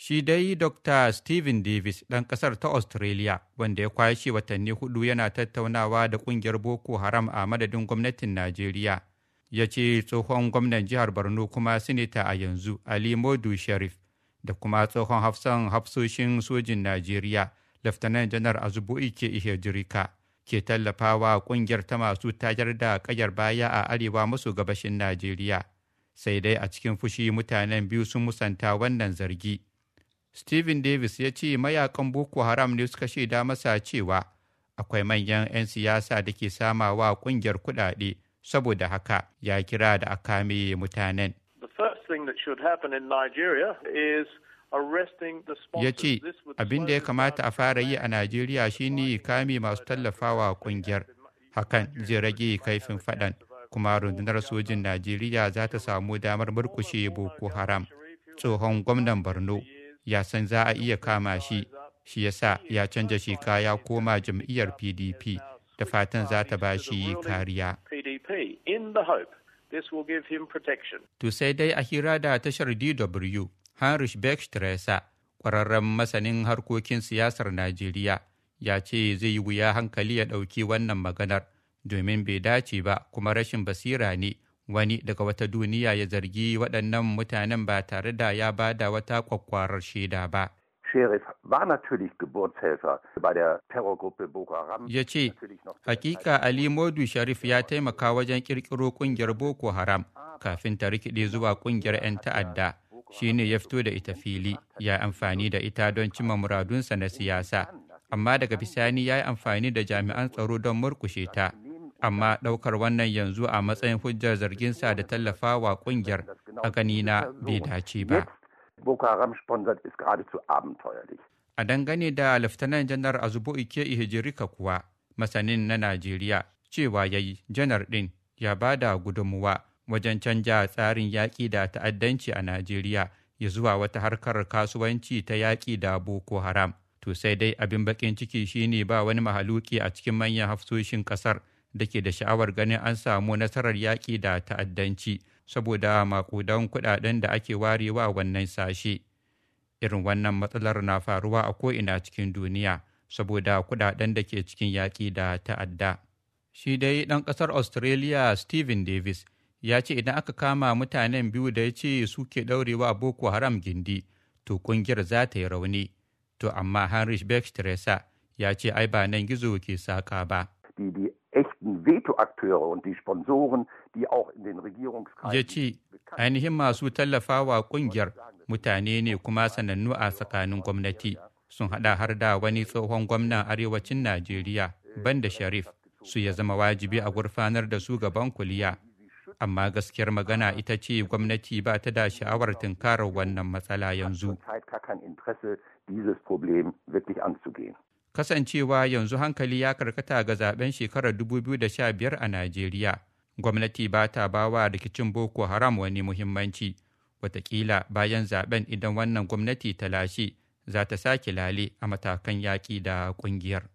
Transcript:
Shi dai Dr. Steven Davis ɗan ƙasar ta Australia wanda ya kwashe watanni hudu yana tattaunawa da ƙungiyar Boko Haram a madadin gwamnatin Najeriya. Ya ce tsohon gwamnan jihar Borno kuma sinita a yanzu Ali Modu Sharif da kuma tsohon hafsan hafsoshin sojin Najeriya Laftanan Janar Azubu Ike Ihejirika ke tallafawa ƙungiyar ta masu tayar da ƙayar baya a arewa maso gabashin Najeriya. Sai dai a cikin fushi mutanen biyu sun musanta wannan zargi. Steven Davis ya ce mayakan Boko Haram ne suka shaida masa cewa akwai manyan 'yan siyasa da ke samawa kungiyar kuɗaɗe saboda haka ya kira da kame mutanen. Ya ce abin da ya kamata a fara yi a Najeriya shine kame masu tallafawa kungiyar. Hakan zai rage kaifin faɗan kuma rundunar sojin Najeriya za ta samu damar murkushe Boko Haram. Tsohon gwamnan Borno ya san za a iya kama shi shi yasa ya canja sheka ya koma jam'iyyar pdp da fatan za ta ba shi kariya to sai dai a hira da tashar dw harish beckstresa kwararren masanin harkokin siyasar najeriya ya ce zai yi wuya hankali ya ɗauki wannan maganar domin bai dace ba kuma rashin basira ne wani daga wata duniya ya zargi waɗannan mutanen ba tare da ya ba da wata kwakwarar shaida ba. Ya ce, hakika Ali Modu Sharif ya taimaka wajen kirkiro kungiyar Boko Haram kafin ta rikide zuwa kungiyar 'yan ta'adda. Shi ne ya fito da ita fili, ya amfani da ita don cimma muradunsa na siyasa. Amma daga bisani ya yi amfani da jami'an tsaro don murkushe ta. amma ɗaukar wannan yanzu a matsayin hujjar zarginsa da tallafa wa ƙungiyar a ganina bai dace ba. A dangane da Laftanan Janar Azubu Ike Ihejirika kuwa, masanin na Najeriya, cewa ya yi janar ɗin ya ba da gudunmuwa wajen canja tsarin yaƙi da ta'addanci a Najeriya ya zuwa wata harkar kasuwanci ta yaƙi da Boko Haram. To sai dai abin baƙin ciki shine ba wani mahaluki a cikin manyan hafsoshin ƙasar da ke da sha'awar ganin an samu nasarar yaƙi da ta'addanci saboda maƙudan kuɗaɗen da ake warewa wannan sashe. Irin wannan matsalar na faruwa a ko'ina cikin duniya saboda kuɗaɗen da ke cikin yaƙi da ta'adda. Shi dai ɗan ƙasar Australia Stephen Davis ya ce idan aka kama mutanen biyu da ya ce suke ɗaurewa Boko Haram gindi, to ƙungiyar za ta yi rauni. To amma Heinrich Beck ya ce ai ba nan gizo ke saƙa ba. Ya ce, ainihin masu tallafawa ƙungiyar mutane ne kuma sanannu a tsakanin gwamnati sun haɗa har da wani tsohon gwamnan arewacin Najeriya banda Sharif su ya zama wajibi a gurfanar da su gaban kuliya. Amma gaskiyar magana ita ce gwamnati ba ta da sha'awar tunkarar wannan matsala yanzu. kasancewa yanzu hankali ya karkata ga zaben shekarar 2015 a Najeriya. Gwamnati ba ta bawa rikicin Boko Haram wani muhimmanci. Wataƙila bayan zaben idan wannan gwamnati ta lashe za ta sake lale a matakan yaƙi da ƙungiyar.